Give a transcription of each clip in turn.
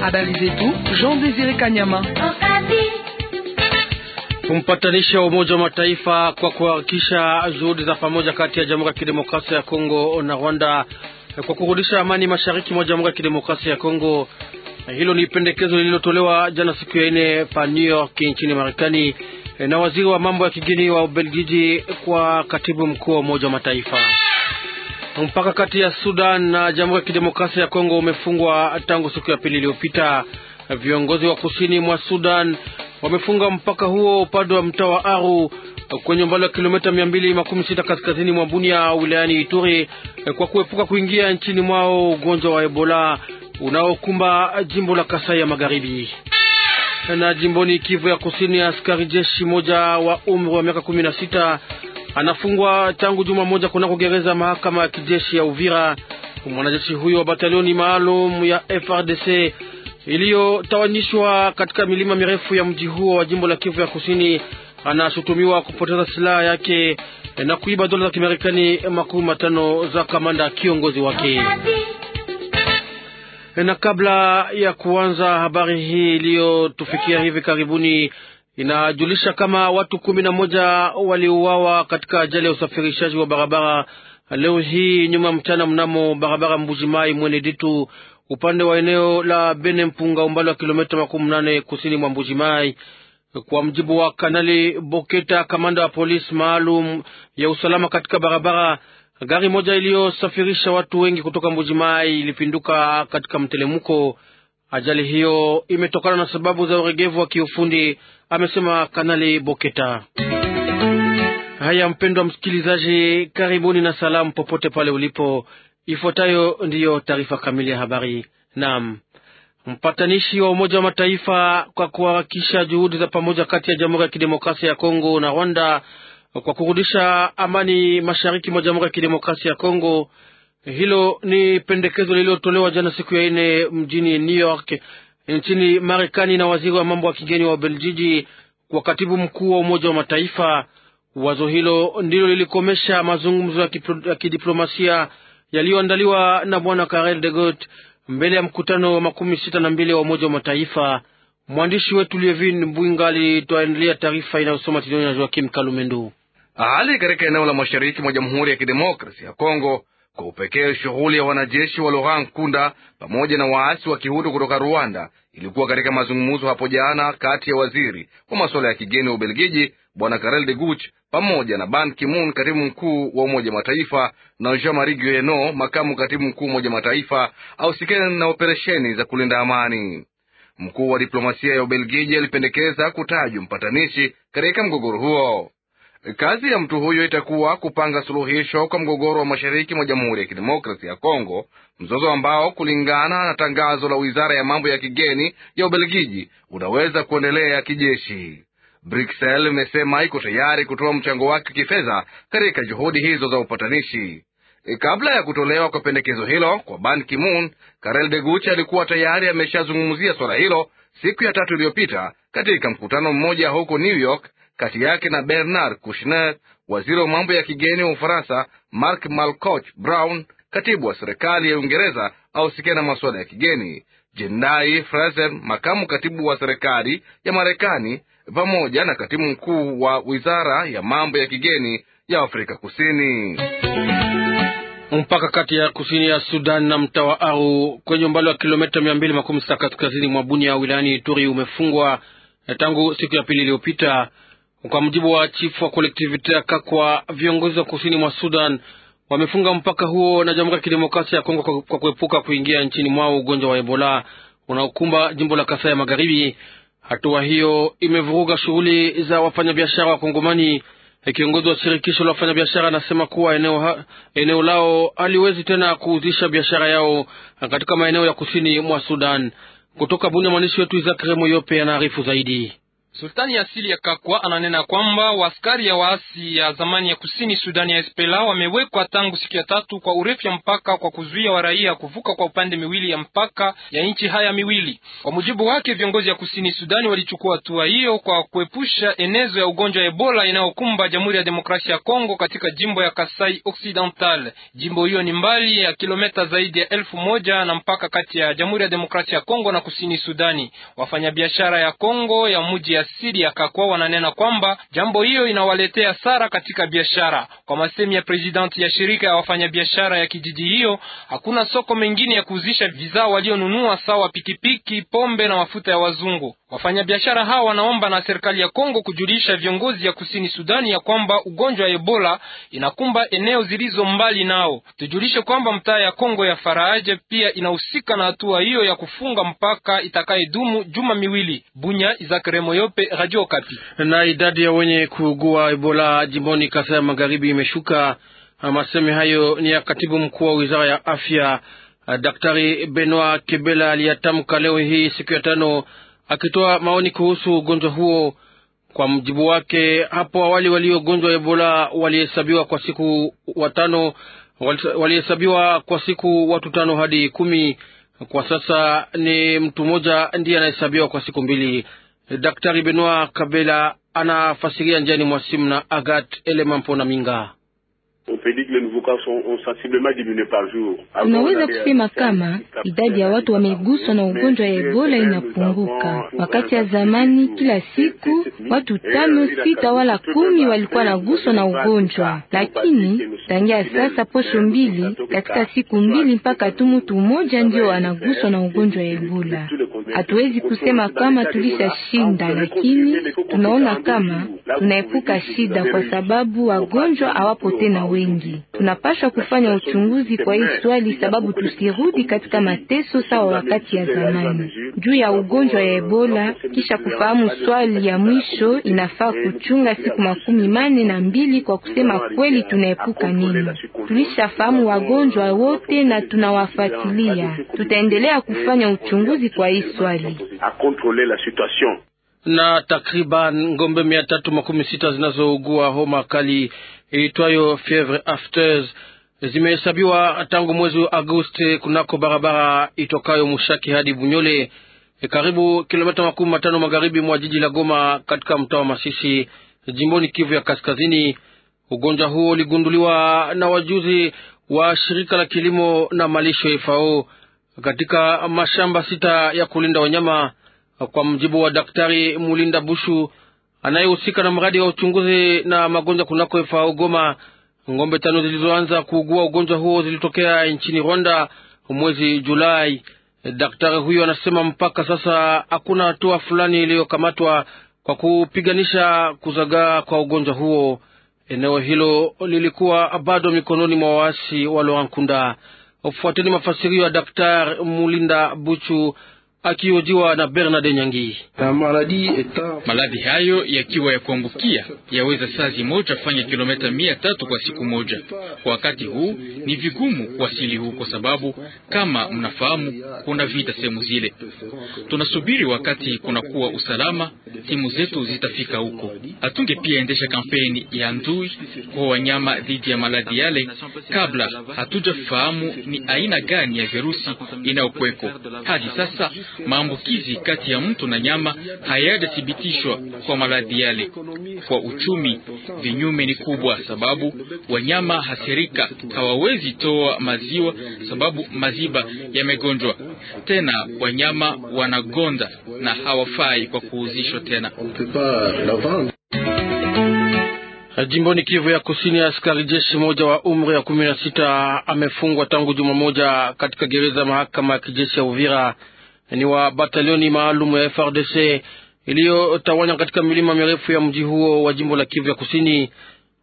Habari zetu Jean Desire Kanyama. Kumpatanisha wa Umoja wa Mataifa kwa kuhakikisha juhudi za pamoja kati ya Jamhuri ya Kidemokrasia ya Kongo na Rwanda kwa kurudisha amani mashariki mwa Jamhuri ya Kidemokrasia ya Kongo. Hilo ni pendekezo lililotolewa jana siku ya nne pa New York nchini Marekani na waziri wa mambo ya kigeni wa Ubelgiji kwa katibu mkuu wa Umoja wa Mataifa. Mpaka kati ya Sudan na Jamhuri ya Kidemokrasia ya Kongo umefungwa tangu siku ya pili iliyopita. Viongozi wa kusini mwa Sudan wamefunga mpaka huo upande wa mtaa wa Aru kwenye umbali wa kilomita 26 kaskazini mwa Bunia wilayani Ituri kwa kuepuka kuingia nchini mwao ugonjwa wa Ebola unaokumba jimbo la Kasai ya Magharibi. Na jimboni Kivu ya Kusini, askari jeshi moja wa umri wa miaka 16 anafungwa tangu juma moja kunako gereza mahakama ya kijeshi ya Uvira. Mwanajeshi huyo wa batalioni maalum ya FRDC iliyotawanyishwa katika milima mirefu ya mji huo wa jimbo la Kivu ya Kusini anashutumiwa kupoteza silaha yake na kuiba dola za Kimarekani makumi matano za kamanda kiongozi wake. Na kabla ya kuanza habari hii iliyotufikia hivi karibuni, inajulisha kama watu kumi na moja waliuawa katika ajali ya usafirishaji wa barabara leo hii nyuma mchana mnamo barabara Mai Mwene Ditu upande wa eneo la Bene Mpunga umbali wa kilometa makumi nane kusini mwa mai Kwa mjibu wa Kanali Boketa, kamanda wa polisi maalum ya usalama katika barabara, gari moja iliyosafirisha watu wengi kutoka mai ilipinduka katika mtelemko. Ajali hiyo imetokana na sababu za uregevu wa kiufundi, amesema Kanali Boketa. Haya, mpendwa msikilizaji, karibuni na salamu popote pale ulipo. Ifuatayo ndiyo taarifa kamili ya habari. Naam, mpatanishi wa Umoja wa Mataifa kwa kuharakisha juhudi za pamoja kati ya Jamhuri ya Kidemokrasia ya Kongo na Rwanda kwa kurudisha amani mashariki mwa Jamhuri ya Kidemokrasia ya Kongo hilo ni pendekezo lililotolewa jana siku ya ine mjini New York nchini Marekani na waziri wa mambo ya kigeni wa Ubeljiji kwa katibu mkuu wa Umoja wa Mataifa. Wazo hilo ndilo lilikomesha mazungumzo ya kidiplomasia yaliyoandaliwa na bwana Karel de Got mbele ya mkutano wa makumi sita na mbili wa Umoja wa Mataifa. Mwandishi wetu Levin Mbwinga alitoendelea taarifa inayosoma Tidoni na Joakim Kalumendu. Hali katika eneo la mashariki mwa Jamhuri ya Kidemokrasi ya Kongo kwa upekee shughuli ya wanajeshi wa Laurent Nkunda pamoja na waasi wa kihutu kutoka Rwanda ilikuwa katika mazungumzo hapo jana kati ya waziri wa masuala ya kigeni wa Ubelgiji Bwana Karel de guch pamoja na Ban Ki-moon katibu mkuu wa Umoja Mataifa na Jean-Marie Gueno makamu katibu mkuu wa Umoja Mataifa ausikani na operesheni za kulinda amani. Mkuu wa diplomasia ya Ubelgiji alipendekeza kutajwa mpatanishi katika mgogoro huo. Kazi ya mtu huyo itakuwa kupanga suluhisho kwa mgogoro wa mashariki mwa Jamhuri ya Kidemokrasi ya Kongo, mzozo ambao kulingana na tangazo la wizara ya mambo ya kigeni ya Ubelgiji unaweza kuendelea kijeshi. Bruxelles imesema iko tayari kutoa mchango wake kifedha katika juhudi hizo za upatanishi. E, kabla ya kutolewa kwa pendekezo hilo kwa Ban Ki-moon, Karel de guche alikuwa tayari ameshazungumzia swala hilo siku ya tatu iliyopita katika mkutano mmoja huko New York kati yake na Bernard Kouchner, waziri wa mambo ya kigeni wa Ufaransa, Mark Malcoch Brown, katibu wa serikali ya Uingereza ausikia na masuala ya kigeni, Jendai Fraser, makamu katibu wa serikali ya Marekani, pamoja na katibu mkuu wa wizara ya mambo ya kigeni ya Afrika Kusini. Mpaka kati ya kusini ya Sudan na mtaa wa Aru kwenye umbali wa kilomita mia mbili makumi sita kaskazini mwa Bunia wilayani Ituri umefungwa tangu siku ya pili iliyopita. Kwa mujibu wa chifu wa kolektivite ya Kakwa, viongozi wa kusini mwa Sudan wamefunga mpaka huo na Jamhuri ya Kidemokrasia ya Kongo kwa kuepuka kuingia nchini mwao ugonjwa wa Ebola unaokumba jimbo la Kasai ya Magharibi. Hatua hiyo imevuruga shughuli za wafanyabiashara wa Kongomani. Kiongozi wa shirikisho la wafanyabiashara anasema kuwa eneo, ha, eneo lao haliwezi tena kuuzisha biashara yao katika maeneo ya kusini mwa Sudan. Kutoka Bunia, mwandishi wetu Izakiremo Yope anaarifu zaidi. Sultani ya asili ya Kakwa ananena kwamba waskari ya waasi ya zamani ya kusini Sudani ya Espela wamewekwa tangu siku ya tatu kwa urefu ya mpaka kwa kuzuia waraia kuvuka kwa upande miwili ya mpaka ya nchi haya miwili. Kwa mujibu wake, viongozi ya kusini Sudani walichukua hatua hiyo kwa kuepusha enezo ya ugonjwa wa Ebola inayokumba Jamhuri ya Demokrasia ya Kongo katika jimbo ya Kasai Occidental. Jimbo hiyo ni mbali ya kilometa zaidi ya elfu moja na mpaka kati ya Jamhuri ya Demokrasia ya Kongo na kusini Sudani. Wafanyabiashara ya Kongo ya mji vya akakuwa Kakwa wananena kwamba jambo hiyo inawaletea sara katika biashara. Kwa masemi ya presidenti ya shirika ya wafanyabiashara ya kijiji hiyo, hakuna soko mengine ya kuuzisha bidhaa walionunua sawa pikipiki, pombe na mafuta ya wazungu. Wafanyabiashara hawa wanaomba na serikali ya Kongo kujulisha viongozi ya kusini Sudani ya kwamba ugonjwa wa Ebola inakumba eneo zilizo mbali nao. Tujulishe kwamba mtaa ya Kongo ya Faraje pia inahusika na hatua hiyo ya kufunga mpaka itakayedumu juma miwili. Bunya Izakremoyo Nyope, Radio Kapi. Na idadi ya wenye kuugua Ebola jimboni Kasai ya Magharibi imeshuka. Masemi hayo ni ya katibu mkuu wa wizara ya afya Daktari Benoit Kebela aliyatamka leo hii siku ya tano, akitoa maoni kuhusu ugonjwa huo. Kwa mjibu wake, hapo awali waliogonjwa Ebola walihesabiwa kwa siku watano, walihesabiwa kwa siku watu tano hadi kumi. Kwa sasa ni mtu mmoja ndiye anahesabiwa kwa siku mbili. Daktari Benoit Kabela anafasiria njiani mwa simu na Agat Elemampo na Minga. Unaweza kusema kama idadi ya watu wameguswa na ugonjwa ya Ebola inapunguka. Wakati ya zamani, kila siku watu tano euh, sita wala kumi walikuwa naguswa na ugonjwa, lakini tangia sasa posho mbili katika siku mbili mpaka tu mtu mmoja ndio anaguswa na ugonjwa ya Ebola. Hatuwezi kusema kama tulisha shinda, lakini tunaona kama tunaepuka shida kwa sababu wagonjwa hawapo tena we wengi. Tunapasha kufanya uchunguzi kwa hii swali, sababu tusirudi katika mateso sawa wakati ya zamani juu ya ugonjwa ya Ebola. Kisha kufahamu swali ya mwisho, inafaa kuchunga siku makumi mane na mbili kwa kusema kweli tunaepuka nini. Tulishafahamu wagonjwa wote na tunawafuatilia. Tutaendelea kufanya uchunguzi kwa hii swali na takriban ngombe mia tatu makumi sita zinazougua homa kali iitwayo fievre afters zimehesabiwa tangu mwezi wa Agosti kunako barabara itokayo Mushaki hadi Bunyole, karibu kilomita makumi matano magharibi mwa jiji la Goma katika mtaa wa Masisi jimboni Kivu ya Kaskazini. Ugonjwa huo uligunduliwa na wajuzi wa shirika la kilimo na malisho FAO katika mashamba sita ya kulinda wanyama. Kwa mjibu wa Daktari Mulinda Bushu anayehusika na mradi wa uchunguzi na magonjwa kunako FAO Goma, ng'ombe tano zilizoanza kuugua ugonjwa huo zilitokea nchini Rwanda mwezi Julai. Daktari huyo anasema mpaka sasa hakuna hatua fulani iliyokamatwa kwa kupiganisha kuzagaa kwa ugonjwa huo. Eneo hilo lilikuwa bado mikononi mwa waasi wa loankunda Ufuateni mafasirio ya Daktari Mulinda Buchu akiojiwa na Bernard Nyangi. Maradhi hayo yakiwa ya kuambukia yaweza sazi moja fanya kilomita mia tatu kwa siku moja. Kwa wakati huu ni vigumu kuwasili huko, kwa sababu kama mnafahamu kuna vita sehemu zile. Tunasubiri wakati kunakuwa usalama, timu zetu zitafika huko. Hatunge pia endesha kampeni ya ndui kwa wanyama dhidi ya maradhi yale kabla hatujafahamu ni aina gani ya virusi inayokuweko hadi sasa maambukizi kati ya mtu na nyama hayajathibitishwa kwa maradhi yale. Kwa uchumi, vinyume ni kubwa, sababu wanyama hasirika hawawezi toa maziwa sababu maziba yamegonjwa. Tena wanyama wanagonda na hawafai kwa kuuzishwa tena. Jimboni Kivu ya Kusini, askari jeshi moja wa umri ya kumi na sita amefungwa tangu juma moja katika gereza mahakama ya kijeshi ya Uvira ni wa batalioni maalum ya FRDC iliyotawanya katika milima mirefu ya mji huo wa jimbo la Kivu ya Kusini.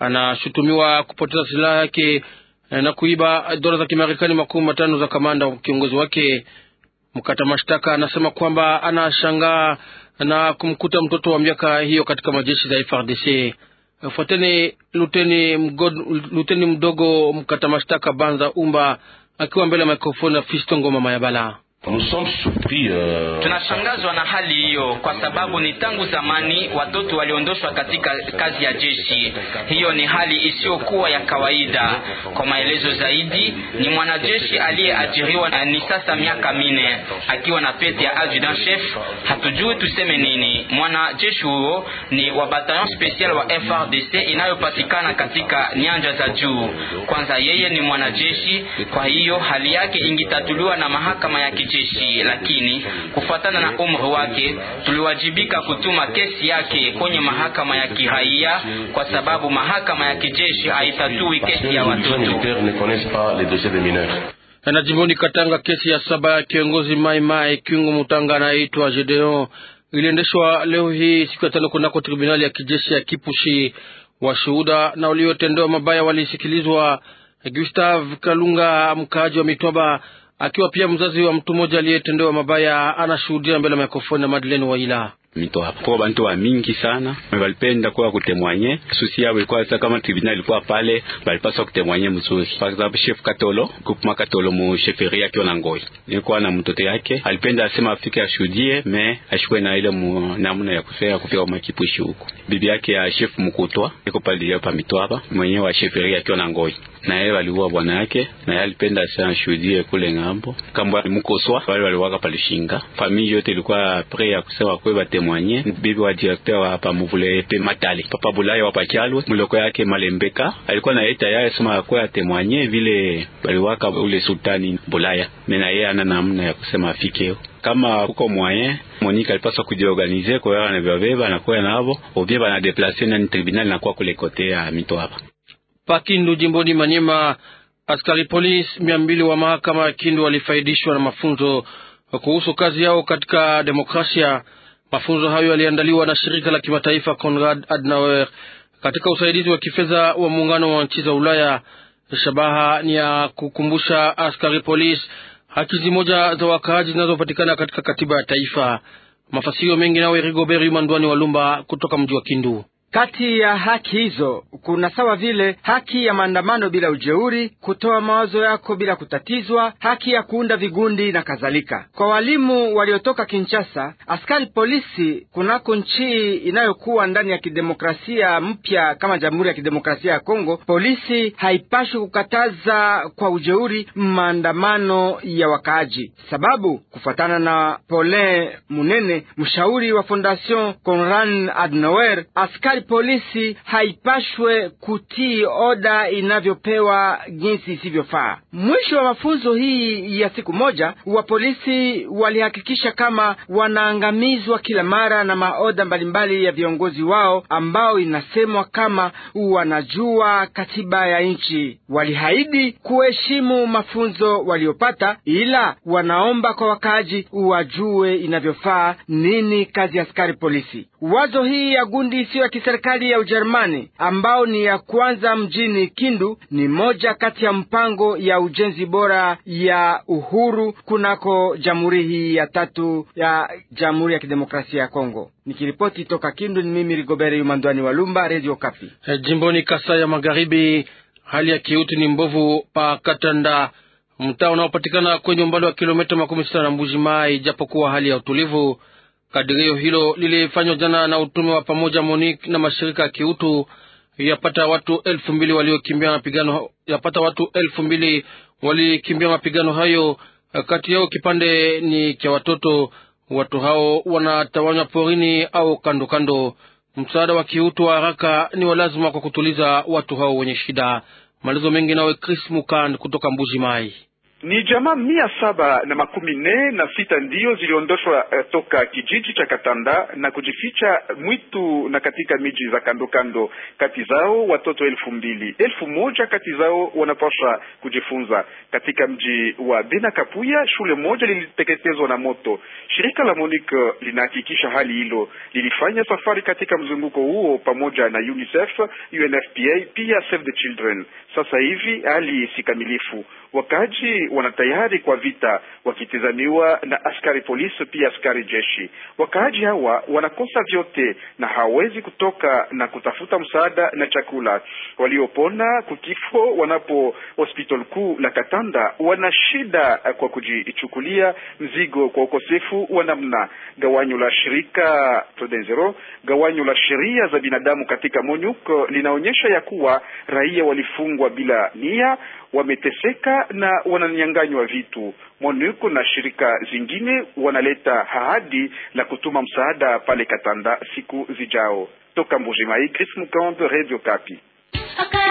Anashutumiwa kupoteza silaha yake na kuiba dola za Kimarekani makumi matano za kamanda kiongozi wake. Mkata mashtaka anasema kwamba anashangaa na kumkuta mtoto wa miaka hiyo katika majeshi za FRDC. Fuateni luteni, luteni mdogo mkata mashtaka Banza Umba akiwa mbele ya mikrofoni ya Fistongo Mama Yabala. Euh, Tunashangazwa na hali hiyo kwa sababu ni tangu zamani watoto waliondoshwa katika kazi ya jeshi. Hiyo ni hali isiyokuwa ya kawaida. Kwa maelezo zaidi, ni mwanajeshi aliyeajiriwa ni sasa miaka mine akiwa na pete ya adjutant chef. Hatujui tuseme nini. Mwanajeshi huyo ni wa batalion special wa FRDC inayopatikana katika nyanja za juu. Kwanza yeye ni mwanajeshi, kwa hiyo hali yake ingitatuliwa na mahakama ya kijeshi, lakini kufuatana na umri wake tuliwajibika kutuma kesi yake kwenye mahakama ya kiraia, kwa sababu mahakama ya kijeshi haitatui kesi ya watoto na jimboni Katanga, kesi ya saba ya kiongozi Mai Mai Kyungu Mutanga anayeitwa Gedeon iliendeshwa leo hii siku ya tano kunako tribunali ya kijeshi ya Kipushi. Washuhuda na waliotendewa mabaya walisikilizwa. Gustave Kalunga, mkaaji wa Mitwaba, akiwa pia mzazi wa mtu mmoja aliyetendewa mabaya, anashuhudia mbele ya mikrofoni na Madeleine Waila. Nitoapo bantu wa mingi sana walipenda kuwa kutemwanye susi yao ilikuwa sasa, kama tribunal ilikuwa pale, walipaswa kutemwanye mzuri. Par exemple chef Katolo kupuma Katolo mu yake na Ngoi, na mtoto yake alipenda asema afike ashuhudie, me na ile namna ya kufea kufia kwa makipushi huko. Bibi yake ya chef Mkutwa iko pale Mitwaba wa yake na Ngoi na yeye waliua bwana yake, na yeye alipenda sana shuhudie kule ng'ambo kambo ya mkoswa wale waliwaka palishinga. Famille yote ilikuwa pre ya kusema kwe batemwanye bibi wa directeur wa hapa mvule pe matali papa bulaya wa pachalwe mloko yake malembeka alikuwa na yeye tayari sema kwe atemwanye vile waliwaka ule sultani bulaya mena yeye ana namna ya kusema afikeo kama kuko moyen Monika alipaswa kujiorganize kwa wana vyoveva na kwa navo obie bana deplacer na tribunal na kwa kule kote ya mito hapa Pakindu jimboni Manyema. Askari polisi mia mbili wa mahakama ya Kindu walifaidishwa na mafunzo kuhusu kazi yao katika demokrasia. Mafunzo hayo yaliandaliwa na shirika la kimataifa Konrad Adenauer katika usaidizi wa kifedha wa muungano wa nchi za Ulaya. Shabaha ni ya kukumbusha askari polisi haki zimoja za wakaaji zinazopatikana katika katiba ya taifa. Mafasirio mengi nawe Rigoberi Mandwani lumba kutoka mji wa Kindu. Kati ya haki hizo kuna sawa vile haki ya maandamano bila ujeuri, kutoa mawazo yako bila kutatizwa, haki ya kuunda vigundi na kadhalika. Kwa walimu waliotoka Kinshasa, askari polisi kunako nchi inayokuwa ndani ya kidemokrasia mpya kama Jamhuri ya Kidemokrasia ya Kongo, polisi haipashi kukataza kwa ujeuri maandamano ya wakaaji, sababu kufuatana na Paulin Munene, mshauri wa Fondation Conran Adnoer, askari Askari polisi haipashwe kutii oda inavyopewa jinsi isivyofaa. Mwisho wa mafunzo hii ya siku moja, wa polisi walihakikisha kama wanaangamizwa kila mara na maoda mbalimbali ya viongozi wao ambao inasemwa kama wanajua katiba ya nchi. Walihaidi kuheshimu mafunzo waliopata, ila wanaomba kwa wakaaji wajue inavyofaa nini kazi ya askari polisi. Wazo hii ya gundi isiyo ya kiserikali ya Ujerumani ambao ni ya kwanza mjini Kindu ni moja kati ya mpango ya ujenzi bora ya uhuru kunako jamhuri hii ya tatu ya Jamhuri ya Kidemokrasia ya Kongo. Nikiripoti toka Kindu ni mimi Rigoberi Umandwani wa Lumba, Radio Kapi. Eh, jimboni Kasai ya Magharibi, hali ya kiutu ni mbovu pa Katanda, mtaa unaopatikana kwenye umbali wa kilomita makumi sita na Mbuji Mai, hali ya utulivu Kadirio hilo lilifanywa jana na utume wa pamoja monique na mashirika ya kiutu. Yapata watu elfu mbili waliokimbia mapigano, yapata watu elfu mbili walikimbia mapigano hayo, kati yao kipande ni cha watoto. Watu hao wanatawanywa porini au kando kando. Msaada wa kiutu wa haraka ni walazima kwa kutuliza watu hao wenye shida. Malizo mengi nawe Chris Mukand kutoka Mbuji Mai. Ni jamaa mia saba na makumi nne na sita ndiyo ziliondoshwa eh, toka kijiji cha Katanda na kujificha mwitu na katika miji za kando kando. Kati zao watoto elfu mbili elfu moja kati zao wanapaswa kujifunza katika mji wa Bena Kapuya. Shule moja liliteketezwa na moto. Shirika la Monique linahakikisha hali hilo, lilifanya safari katika mzunguko huo pamoja na UNICEF, UNFPA pia Save the Children. Sasa hivi hali si kamilifu, wakaji wanatayari kwa vita, wakitizamiwa na askari polisi pia askari jeshi. Wakaaji hawa wanakosa vyote na hawawezi kutoka na kutafuta msaada na chakula. Waliopona kukifo wanapo hospital kuu la Katanda wana shida kwa kujichukulia mzigo kwa ukosefu wa namna. Gawanyo la shirika Todenzero, gawanyo la sheria za binadamu katika Monyuko linaonyesha ya kuwa raia walifungwa bila nia wameteseka na wananyang'anywa vitu. MONUC na shirika zingine wanaleta ahadi la kutuma msaada pale Katanda siku zijao. Toka mbuzimai Chris Mukambe, Radio Kapi.